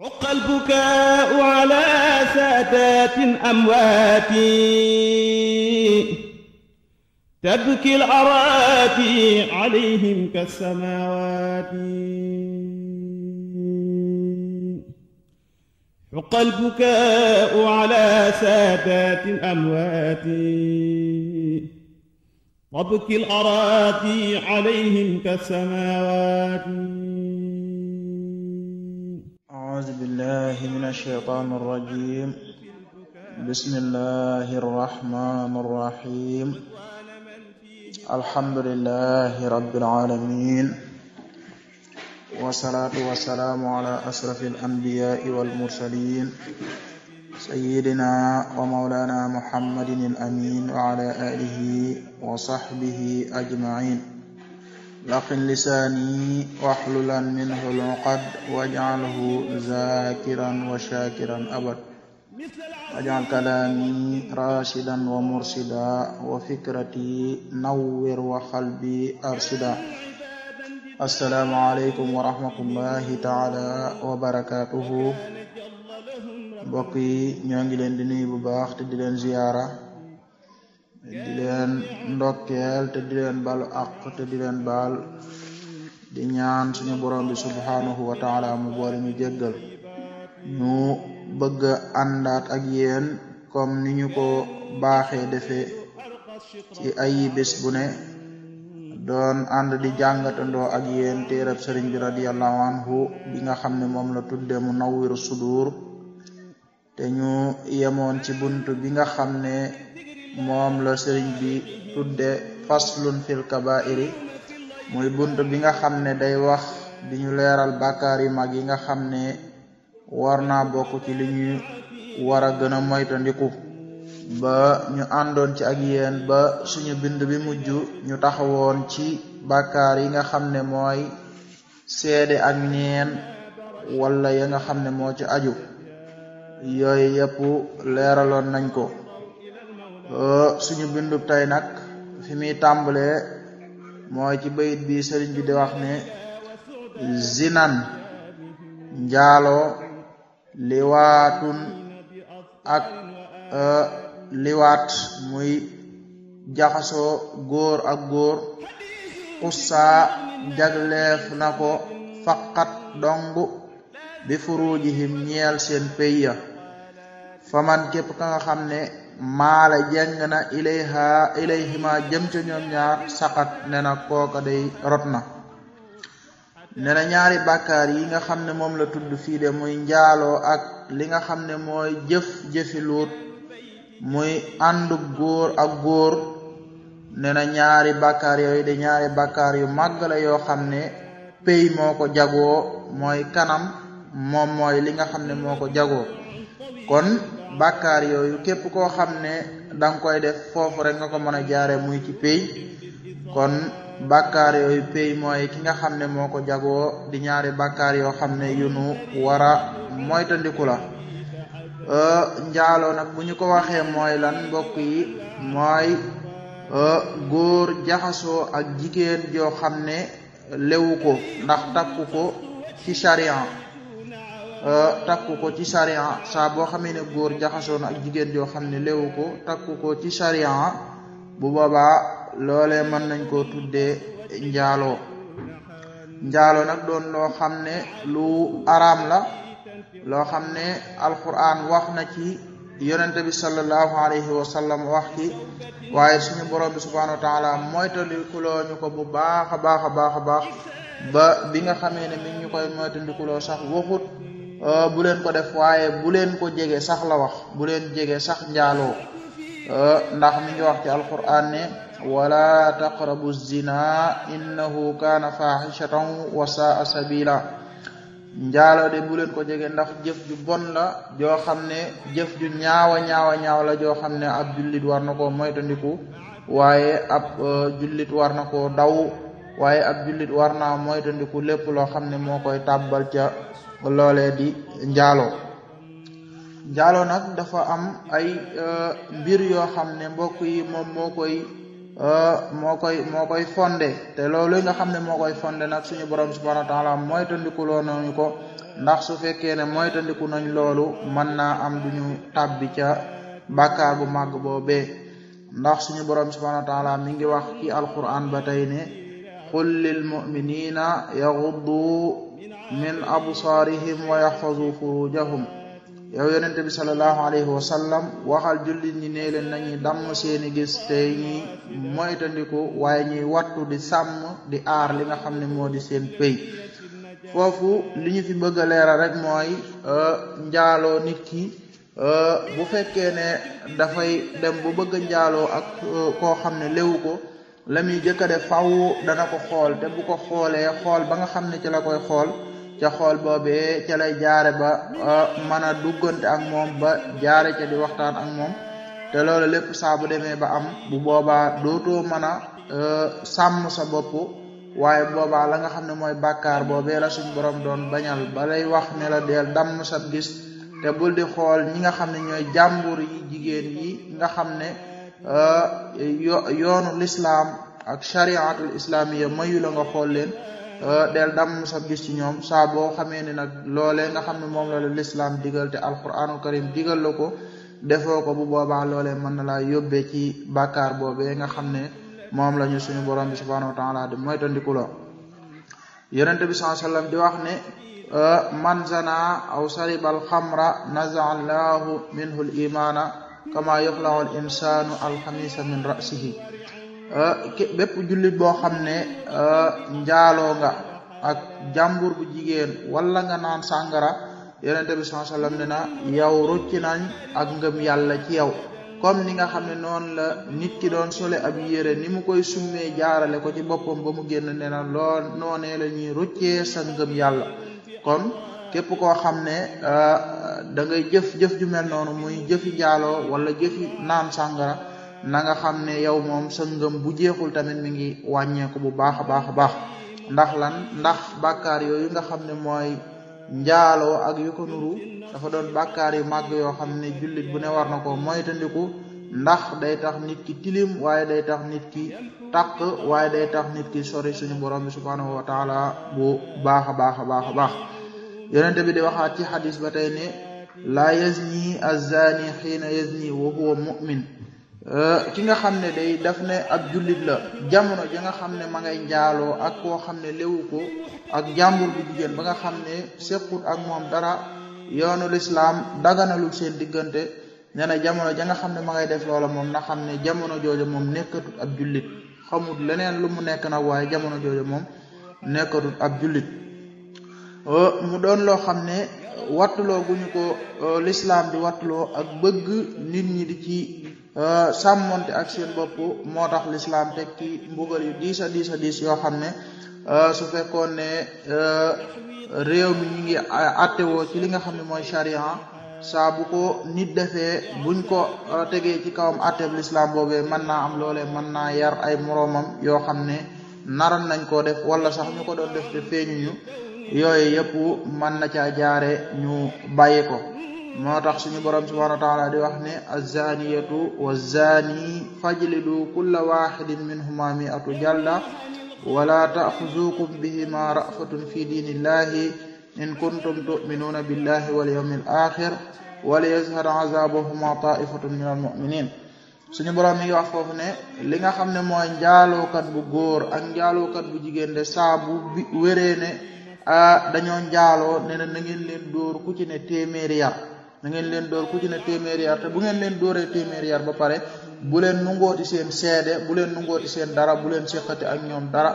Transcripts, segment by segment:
عق البكاء على سادات أمواتي تبكي الأراتي عليهم كالسماوات حق البكاء على سادات أموات تبكي الأراتي عليهم كالسماوات أعوذ بالله من الشيطان الرجيم بسم الله الرحمن الرحيم الحمد لله رب العالمين والصلاة والسلام على أشرف الأنبياء والمرسلين سيدنا ومولانا محمد الأمين وعلى آله وصحبه أجمعين laqin lisaani waxlulan minhu luqad wajcalhu zakiran wa shakiran abad wajcal kalaami rashidan wa mursida wa fikrati nawwir wa arshida assalaamu aleykum wa taala wa barakatuhu mbokk yi ñoo ngi leen di nuyu bu baax te di leen ziyaara di leen ndokkeel te di leen balu àq te di leen baal di ñaan suñu borom bi subhanahu wa mu boole ñu jéggal ñu bëgg a àndaat ak yéen comme ni ñu ko baaxee defee ci ayi bés bu ne doon ànd di jàngatandoo ak yéen téerab sëriñ bi radiallahu anhu bi nga xam ne moom la tudde mu nawwiru sudur te ñu yemoon ci buntu bi nga xam ne moom la sëriñ bi tudde faslun fil kabairi muy bunt bi nga xam ne day wax di ñu leeral bàkkaar yu mag yi nga xam ne war naa bokk ci li ñu war a gën a ba ñu àndoon ci ak yéen ba suñu bind bi mujj ñu taxawoon ci bàkkaar yi nga xam ne mooy seede ak neen wala ya nga xam ne moo ci aju yooyu yëpp leeraloon nañ ko Euh, suñu bindub tey nag fi muy tàmbalee mooy ci bayit bi sëriñ bi di wax ne zinan njaalo liwaatun ak euh, liwaat muy jaxasoo góor ak góor xussaa jagleef na ko faqat dong bi furujihim ñeel seen pey ya faman xam ne maala jeng na ilayha ilayhima jëm ca ñaar saqat ne na kooka day rot na ne ñaari bàkkaar yi nga xam ne moom la tudd fii de muy njaaloo ak li nga xam ne mooy jëf jëfi luut muy ànd góor ak góor ne na ñaari bàkkaar yooyu de ñaari bàkkaar yu màgg la yoo xam ne pay moo ko jagoo mooy kanam moom mooy li nga xam ne moo ko jagoo kon bàkkaar yooyu képp koo xam ne danga koy def foofu rek nga ko mën a jaare muy ci pay kon bàkkaar yooyu pay mooy ki nga xam ne moo ko jagoo di ñaari bàkkaar yoo xam ne yu war a moytandiku la euh, njaaloo nag bu ñu ko waxee mooy lan mbokk yi mooy euh, góor jaxasoo ak jigéen joo xam ne lewu ko ndax takku ko ci charian Euh, takku ko ci sariya saa boo xamee ne góor jaxasoon ak jigéen joo xam ne léwu ko takku ko ci sariya bu boobaa loole mën nañ ko tuddee njaaloo njaaloo nag doon loo xam ne lu araam la loo xam ne alquran wax na ci yonente bi sallallahu alayhi wa sallam wax ci waaye suñu borom bi subhanahu wa taala moytandikuloo ñu ko bu baax a baax a baax a baax ba bi nga xamee ne mi ñu koy moytandikuloo sax waxut Euh, bu leen ko def waaye bu leen ko jege sax la wax bu leen jege sax njaaloo euh, ndax mi ngi wax ci alquran ne wala taqrabu zina innahu kaana fahishatan wa saa sabila njaaloo de bu ko jege ndax jëf ju bon la joo xam ne jëf ju ñaawa ñaaw la joo xam ne ab jullit war na koo moytandiku waaye ab euh, jullit war na koo daw waaye ab jullit war naa moytandiku lépp loo xam ne moo koy tàbbal ca di njaaloo njaaloo nag dafa am ay euh, mbir yoo xam ne mbokk yi moom moo koy euh, moo koy moo koy fonde te loolu nga xam ne moo koy fonde nag suñu borom subhanahu wa taala moytandiku loo nañu ko ndax su fekkee ne moytandiku nañ loolu mën naa am duñu tàbbi ca bàkkaar bu màgg boobee ndax suñu borom subhanahu wa taala mi ngi wax ci alquran ba tey ne قل للمؤمنين يغضوا من أبصارهم ويحفظوا فروجهم yow yonent bi sallallahu alayhi wa sallam waxal jullit ñi ne leen nañuy damm seeni gis tey ñi moytandiku waaye ñuy wattu di sàmm di aar li nga xam ne moo di seen pay foofu li ñu fi bëgg a leeral rek mooy euh, njaaloo nit ki euh, bu fekkee ne dafay dem bu bëgg a njaaloo ak euh, koo xam ne léwu ko la muy jëkk a def faw dana ko xool te bu ko xoolee xool ba nga xam ne ci la koy xool ca xool boobee ca lay jaare ba mën a duggante ak moom ba jaare ca di waxtaan ak moom te loolu lépp saa bu demee ba am bu boobaa dootoo mën a sàmm sa bopp waaye boobaa la nga xam ne mooy bàkkaar boobee la suñ borom doon bañal ba lay wax ne la deel damm sa gis te bul di xool ñi nga xam ne ñooy jàmbur yi jigéen yi nga xam ne Euh, yoonu l'islaam ak chariatul islaamiya mayu la nga xool leen euh, del damm sa gis ci ñoom saa boo xamee ne nag loolee nga xam ne moom la la lislaam digal te alquranu karim digal la ko defoo ko bu boobaa loolee mën na laa yóbbe ci bàkkaar boobee nga xam ne moom lañu suñu borom bi subhanahu wa taala di moytandiku loo yonente bi saa sallam di wax ne euh, man aw saribal xamra nazaallahu minhu imaana kama yaflahu al insanu alxamisa min rasihi euh, bépp jullit boo xam ne euh, njaaloo nga ak jàmbur bu jigéen wala nga naan sàngara yonente bi sallallahu na yow rucc nañ ak ngëm yàlla ci yow comme ni nga xam ne noonu la nit ki doon sole ab yére ni mu koy summee jaarale ko ci boppam ba mu génn ne na lool noonee la ñuy ruccee sa ngëm yàlla kon képp koo xam ne euh, da ngay jëf-jëf ju mel noonu muy jëfi jaaloo wala jëfi naan sàngara na nga xam ne yow moom sa ngëm bu jeexul tamit mi ngi wàññeeku bu baax a baax a baax ndax lan ndax bàkkaar yooyu nga xam ne mooy njaaloo ak yu ko nuru dafa doon bàkkaar yu màgg yoo xam ne jullit bu ne war na ko moytandiku ndax day tax nit ki tilim waaye day tax nit ki takk waaye day tax nit ki sori suñu borom bi subhaanahu wa taala bu baax a baax a baax a baax yonente bi waxaat ci xadis laa yazni azani xiina yazni wa huwa mu'min euh, ki nga xam ne day daf ne ab jullit la jamono ja nga xam ne ma ngay njaaloo ak koo xam ne lewu ak jàmbur bu jigéen ba nga xam ne sequt ak moom dara yoonu lislaam daganalul seen diggante nee jamono ja nga xam ne ma ngay def loola moom na xam ne jamono joojo moom nekkatut ab jullit xamut leneen lu mu nekk nag waaye jamono joojo moom nekkatut ab julit Euh, mu doon loo xam ne wattuloo gu ñu ko euh, lislaam di wattuloo ak bëgg nit ñi di ci euh, sàmmonte ak seen bopp moo tax lislaam teg ci mbugal yu diis a diis a diis yoo xam ne su fekkoon ne réew mi ñu ngi attewoo ci li nga xam ne mooy charia saa bu ko nit defee buñ ko tegee ci kawam atteb lislaam boobee mën naa am loolee mën naa yar ay moroomam yoo xam ne naran nañ ko def wala sax ñu ko doon def te feeñu ñu yooyu yëpp mën na caa jaare ñu bàyyi ko moo tax suñu borom subhanahu wa taala di wax ne azaniyatu wa zani fajlidu kulla waxidin minhuma miatu jalla wala taaxuzukum bihima rafatun fi dinillahi in kuntum tuminuuna billahi wal yawmil axir wala yazhar azabahuma taifatun min almuminin suñu borom wax foofu ne li nga xam ne mooy njaalookat bu góor ak njaalookat bu jigéen de saa bu Ah, dañoo njaaloo nee na na ngeen leen dóor ku ci ne téeméeri yar na ngeen leen dóor ku ci ne téeméeri te bu ngeen leen dóoree téeméeri yar ba pare bu leen nungooti seen seede bu leen nungooti seen dara bu leen seqati ak ñoom dara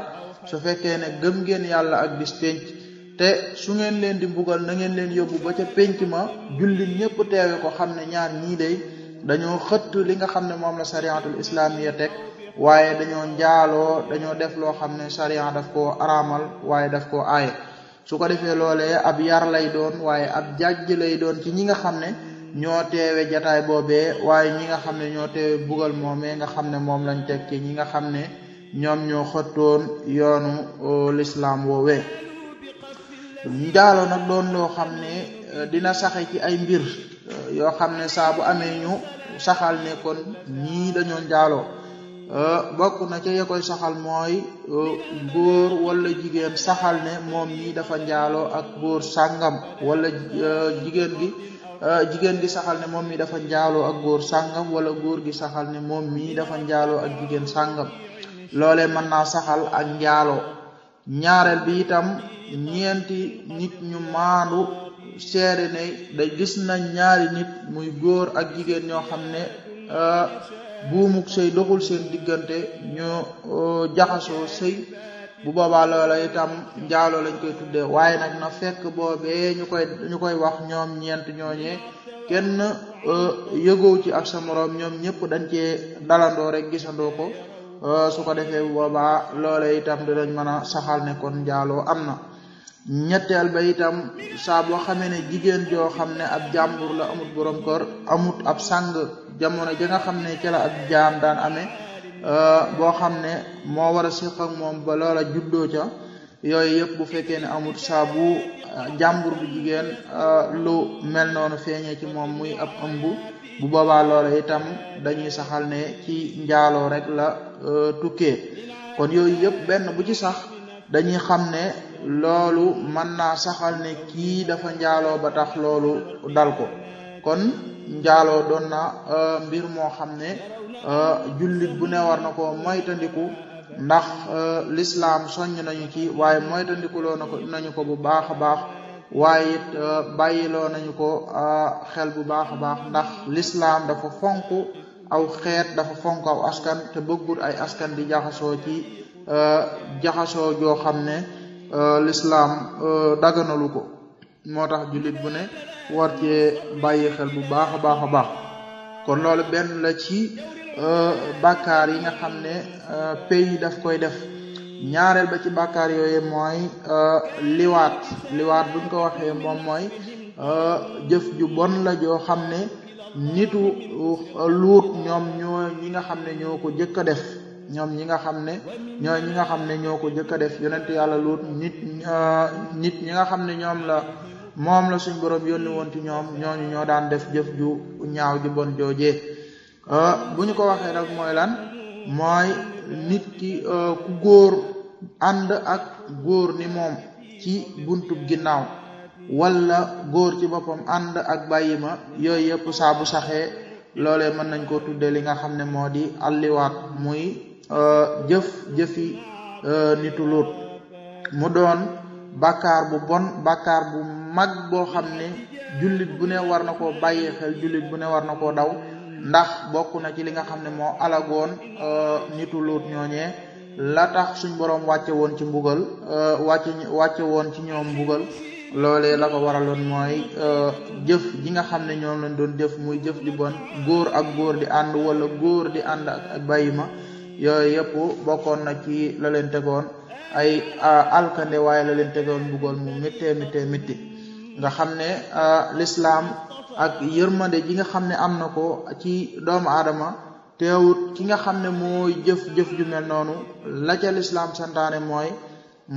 su fekkee ne gëm ngeen yàlla ak bis pénc te su ngeen leen di mbugal na ngeen leen yóbbu ba ca pénc ma jullit ñépp teewe ko xam ne ñaar ñii day dañoo xëtt li nga xam ne moom la sariatul islamiya teg waaye dañoo njaaloo dañoo def loo xam ne sariya daf koo araamal waaye daf koo aaye su ko defee loole ab yar lay doon waaye ab jàjj lay doon ci ñi nga xam ne ñoo teewe jataay boobe waaye ñi nga xam ne ñoo teewe bugal moomee nga xam ne moom lañ teg ci ñi nga xam ne ñoom ñoo xëttoon yoonu lislaam woowee njaaloo nag doon loo xam ne e, dina saxe ci ay mbir e, yoo xam ne saa amee ñu saxal ne kon ñii dañoo njaaloo Euh, bokk na ca ya koy saxal mooy euh, góor wala jigéen saxal ne moom mii dafa njaaloo ak góor sàngam wala euh, jigéen gi jigéen gi saxal moom mii dafa njaaloo ak góor sàngam wala góor gi saxal ne moom mii dafa njaaloo ak jigéen sàngam loole mën naa saxal ak njaaloo ñaareel bi itam ñeenti nit ñu maandu seede ne da gis na ñaari nit muy góor ak jigéen ñoo xam ne buumuk sëy doxul seen diggante ñoo jaxasoo sëy bu boobaa loola itam njaalo lañ koy tuddee waaye nag na fekk boobee ñu koy ñu koy wax ñoom ñeent ñooñee kenn yëgow ci ak sa moroom ñoom ñëpp dañ cee dalandoo rek gisandoo ko su ko defee bu boobaa loola itam dinañ mën a saxal ne kon njaaloo am na ñetteel ba itam saa boo xamee ne jigéen joo xam ne ab jàmbur la amut borom kor amut ab sàng jamono ja nga xam ne ca la ab jaam daan amee euh, boo xam ne moo war a séq moom ba loola juddoo yooyu yëpp bu fekkee ne amut saa bu euh, jàmbur bu jigéen euh, lu mel noonu feeñee ci moom muy ab ëmb bu boobaa loola itam dañuy saxal ne ci njaaloo rek la tukkee kon yooyu yëpp benn bu ci sax dañuy xam ne loolu mën naa saxal ne kii dafa njaaloo ba tax loolu dal ko kon njaaloo doon na euh, mbir moo xam ne euh, jullit bu ne war na ko moytandiku ndax euh, lislaam soññ nañu ci waaye moytandiku loo na nañu ko bu baax a baax waaye it bàyyiloo nañu ko xel bu baax a baax ndax lislaam dafa fonk aw xeet dafa fonk aw askan te bëggul ay askan di jaxasoo ci jaxasoo joo xam ne Euh, lislaam euh, daganalu ko moo tax jullit bu ne war cee bàyyi xel bu baax a baax a baax kon loolu benn la ci euh, bàkkaar yi nga xam ne pays daf koy def ñaareel ba ci bàkkaar yooyu mooy liwaat liwaat buñ ko waxee moom mooy jëf ju bon la joo xam ne nitu luut ñoom ñoo ñi nga xam ne ñoo ko jëkk a def ñoom ñi nga xam ne ñooy ñi nga xam ne ñoo ko jëkk a def yonent yàlla luut nit euh, nit ñi nga xam ne ñoom la moom la suñ borom yónni woon ci ñoom ñooñu ñoo daan def jëf ju ñaaw ju bon joojee euh, bu ñu ko waxee nag mooy lan mooy nit ki euh, ku góor ànd ak góor ni moom ci buntu ginnaaw wala góor ci boppam ànd ak bàyyi ma yooyu yëpp saabu saxee loolee mën nañ ko tudde li nga xam ne moo di alliwaat muy Euh, jëf jëfi euh, nitu Luut mu doon bakkaar bu bon bakkaar bu mag boo xam ne jullit bu ne war na koo bàyyee xel jullit bu ne war na koo daw ndax bokku na ci li nga xam ne moo alagoon euh, nitu Luut ñooñee la tax suñ boroom wàcce woon ci mbugal wàcce wàcce woon ci ñoom mbugal loolee la ko waraloon mooy jëf ji nga xam ne ñoom lañ doon jëf muy jëf di bon góor ak góor di ànd wala góor di ànd ak bàyyi ma yooyu yëpp bokkoon na ci laleen tegoon ay alkande waaye la leen tegoon buggoon mu méttee méttee métti nga xam ne lislaam ak yërmande ji nga xam ne am na ko ci doomu aadama teewut ki nga xam ne mooy jëf-jëf ju mel noonu la ca lislaam santaane mooy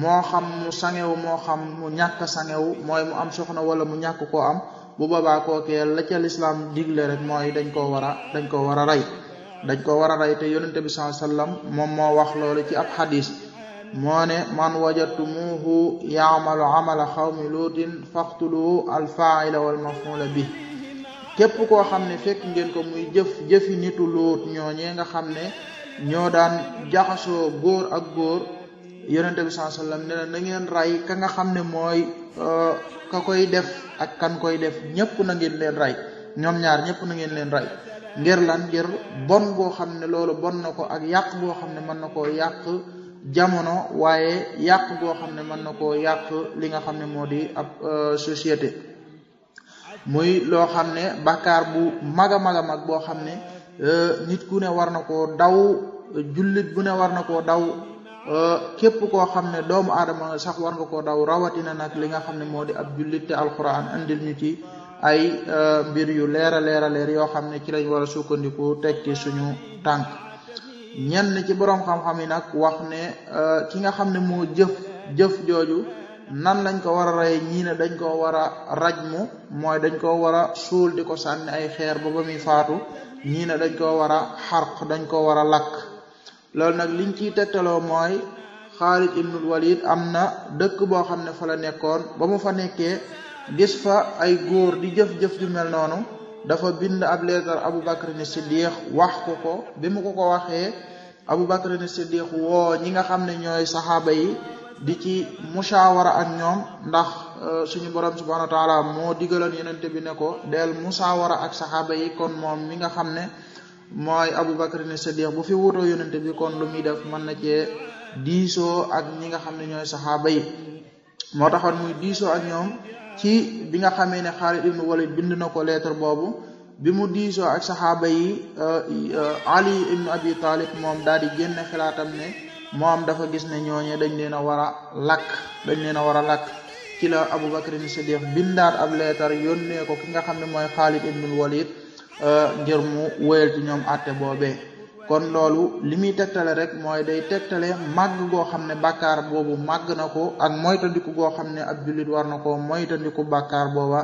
moo xam mu sangewu moo xam mu ñàkk sangewu mooy mu am soxna wala mu ñàkk koo am bu boobaa kookee la ca lislaam digle rek mooy dañ koo war a dañ koo war a rey dañ ko war a rey te yonente bi saa moom moo wax loole ci ab xadis moo ne man wajatumuhu yaamalu amala xawmi luutin faqtuluhu alfaaila walmafuula bi képp koo xam ne fekk ngeen ko muy jëf jëfi nitu luut nga xam ne ñoo daan jaxasoo góor ak góor yonente bi saa sallam ne na ngeen ray ka nga xam ne mooy uh, ka koy def ak kan koy def ñëpp na ngeen leen rey ñoom ñaar ñëpp na ngeen leen rey ngir lan ngir bon goo xam ne loolu bon na ko ak yàq goo xam ne mën na koo yàq jamono waaye yàq goo xam ne mën na koo yàq li nga xam ne moo di ab euh, société muy loo xam ne bàkkaar bu mag a mag a mag boo xam ne euh, nit ku ne war na ko daw jullit bu ne war na koo daw euh, képp koo xam ne doomu aadama sax war nga koo daw rawatina nag li nga xam ne moo di ab jullit te alquran andil ñu ci ay euh, mbir yu leer a leer yoo xam ne ci lañ war a sukkandiku teg suñu tànk ñenn ci boroom xam-xam yi nag wax ne euh, ki nga xam ne moo jëf jëf jooju nan lañ ko war a rey dañ ko war a raj mu mooy dañ ko war a suul di ko sànni ay xeer ba ba muy faatu ñii ne dañ ko war a xarq dañ ko war a lakk loolu nag liñ ciy tegtaloo mooy Xaalid ibnul Walid am na dëkk boo xam ne fa la nekkoon ba mu fa nekkee gis fa ay góor di jëf-jëf ju mel noonu dafa bind ab leetar abu bakar ne siddiq wax ko ko bi mu ko ko waxee abu bakar ne siddiq woo ñi nga xam ne ñooy saxaaba yi di ci musaawara ak ñoom ndax euh, suñu borom subhanahu wa taala moo digaloon yonent bi ne ko del musaawara ak saxaaba yi kon moom mi nga xam ne mooy abu bakar ne siddiq boo fi wutoo yonent bi kon lu muy def mën na cee diisoo ak ñi nga xam ne ñooy saxaaba yi moo taxoon muy diisoo ak ñoom ci bi nga xamee ne Xaalid ibnu Walid bind na ko lettre boobu bi mu diisoo ak saxaaba yi euh, euh, Ali ibnu Abi Talib moom daal di génn xalaatam ne moom dafa gis ne ñooñe dañ leen a war a lakk dañ leen a war a lakk kilo la Abu Bakr Siddiq bindaat ab lettre yónnee ko ki nga xam ne mooy Xaalid ibnu Walid euh, ngir mu wéyal ci ñoom àtte boobee kon loolu li muy tegtale rek mooy day tegtale màgg goo xam ne bàkkaar boobu màgg na ko ak moytandiku goo xam ne ab jullit war na ko moytandiku bàkkaar booba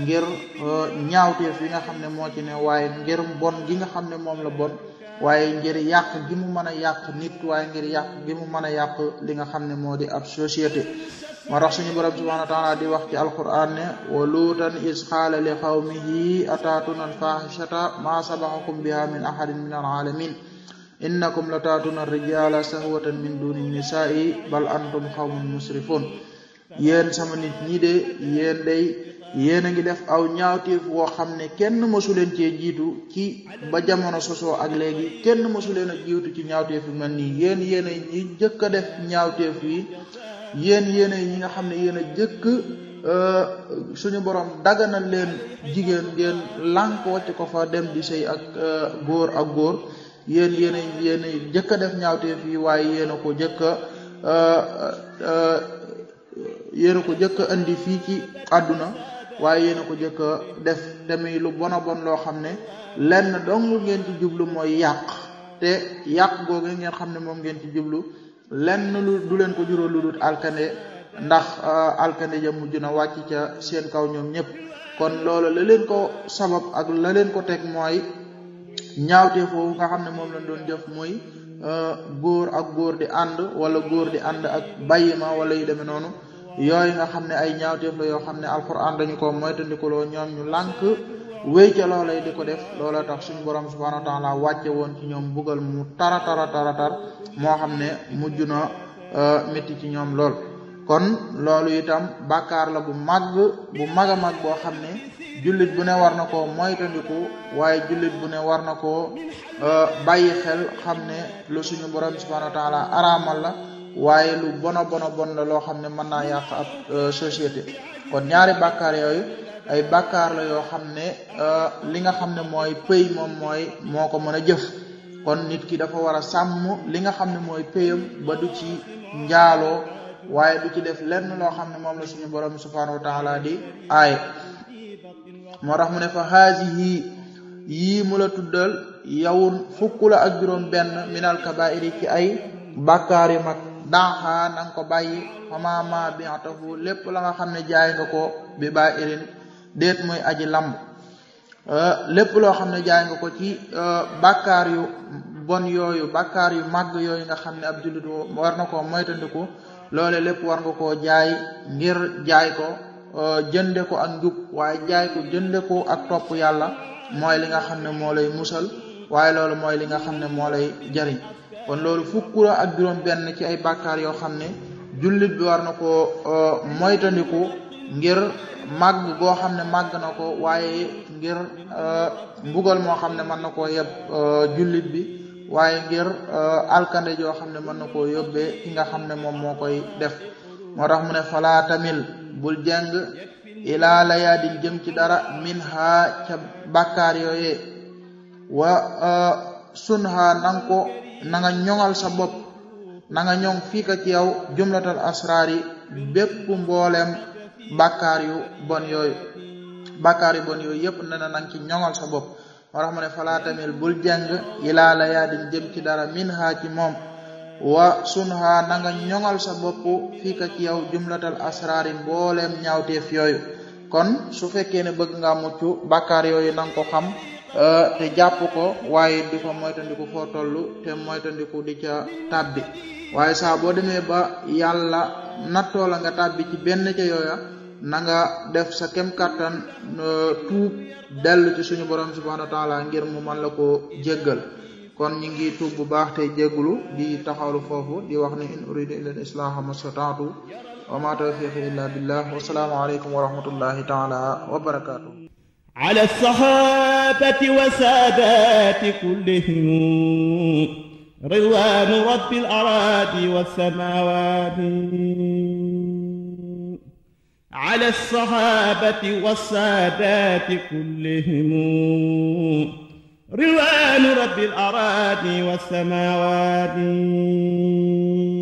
ngir euh, ñaawteef yi nga xam ne moo ci ne waaye ngir bon gi nga xam ne moom la bon waaye ngir yàq gi mu mën a yàq nit waaye ngir yàq gi mu mën a yàq li nga xam ne moo di ab société moo tax suñu borom subhanahu wa taala di wax ci alquran ne wa luutan is qaala li qawmihi ataatuna alfahishata ma sabaxakum biha min ahadin min alalamin innakum la taatuna rijala sahwatan min duni nisaai bal antum qawmun musrifun yéen sama nit ñi de yéen day yéen a ngi def aw ñaawteef woo xam ne kenn mësu leen cee jiitu ci ba jamono sosoo ak léegi kenn mësu leen a jiitu ci ñaawteef yu mel nii yéen yéen a ñi a def ñaawteef yi yéen yéen a nga xam ne yéen a jëkk euh, suñu borom daganal leen jigéen ngeen lànk ko fa dem di sëy ak euh, góor ak góor yéen yéen yéen a a def ñaawteef yi waaye yéen a ko jëkk euh, ko jëkk a indi fii ci àdduna waaye yéen ko jëkk def te muy lu bon bon loo xam ne lenn dong ngeen ci jublu mooy yàq te yàq googu ngeen xam ne moom ngeen ci jublu lenn lu du leen ko juróo lu dul alkande ndax euh, alkande ja mujj na wàcc ca seen kaw ñoom ñëpp kon loolu la leen ko sabab ak la leen ko teg mooy ñaawtee foofu nga xam ne moom lañ doon jëf muy euh, góor ak góor di ànd wala góor di ànd ak bàyyima wala yu demee noonu yooyu nga xam ne ay ñaawteef la yoo xam ne al alquran dañu ko moytandikuloo ñoom ñu lànk wéy ca loolay di ko def loola tax suñu borom subhanahu wa taala wàcce woon ci ñoom bugal mu tara tara tara tar moo xam ne mujj na euh, metti ci ñoom lool kon loolu itam bàkkaar la bu màgg bu mag a mag boo xam ne jullit bu ne war na koo moytandiku waaye jullit bu ne war na koo euh, bàyyi xel xam ne lu suñu borom subhanahu wa araamal la waaye lu bona bona bon la loo xam ne mën naa yàq ab euh, société kon ñaari bàkkaar yooyu ay bàkkaar la yoo xam ne euh, li nga xam ne mooy pëy moom mooy moo ko mën a jëf kon nit ki dafa war a sàmm li nga xam ne mooy pëyam ba du ci njaaloo waaye du ci def lenn loo xam ne moom la suñu borom subhanahu wa di aaye moo tax mu ne fa haasihi yii mu la tuddal yawun fukk la ak juróom benn minal kabairi ci ay bàkkaar yu mag daaxaa na nga ko bàyyi bi biatahu lépp la nga xam ne jaay nga ko bi baa irin déet muy aji làmb euh, lépp loo xam ne jaay nga ko ci euh, bàkkaar yu bon yooyu bàkkaar yu màgg yooyu nga xam ne ab jullit war na koo moytandiku loole lépp war nga koo jaay ngir jaay ko euh, jënde ko ak njub waaye jaay ko jënde ko ak topp yàlla mooy li nga xam ne moo lay musal waaye loolu mooy li nga xam ne moo lay jariñ kon loolu fukk la ak juróom benn ci ay bàkkaar yoo xam ne julit bi war na ko euh, moytandiku ngir màgg goo xam ne màgg na ko waaye ngir euh, mbugal moo xam ne mën na koo yeb euh, jullit bi waaye ngir alkande joo xam ne mën na koo yóbbee ki nga xam ne moom moo koy def moo tax mu ne falaa tamil bul jeng ilaa layaadin jëm ci dara min ha ca bàkkaar yooyee wa sunha nang ko nanga nga ñoŋal sa bopp na nga ñoŋ fii ka ci yow jumlatal asraar yi bépp mboolem bàkkaar yu bon yooyu bàkkaar yu bon yooyu yëpp ne na nang ci ñoŋal sa bopp moo tax mu ne falaa tamil bul jàng ilaa la yaa din jëm ci dara min haa ci moom wa sunha na nga ñoŋal sa boppu fii ci yow jumlatal asraar yi mbooleem ñaawteef yooyu kon su fekkee ne bëgg nga mucc bàkkaar yooyu na nga ko xam Euh, te jàpp ko waaye di ko moytandiku foo toll te moytandiku di ca tàbbi waaye saa boo demee ba yàlla nattoo la nga tàbbi ci benn ca yooya na nga def sa kem kattan tuub dellu ci suñu borom subhanahu wa taala ngir mu man la ko jégal kon ñu ngi tuub bu baax te jégglu di taxawlu foofu di wax ni in uridu illa al-islaha mastataatu wa ma tawfiqi illa billah wa salaamu alaykum wa rahmatullahi taala wa barakatuh على الصحابة والسادات كلهم رضوان رب الأراضي والسماوات على الصحابة والسادات كلهم رضوان رب الأراضي والسماوات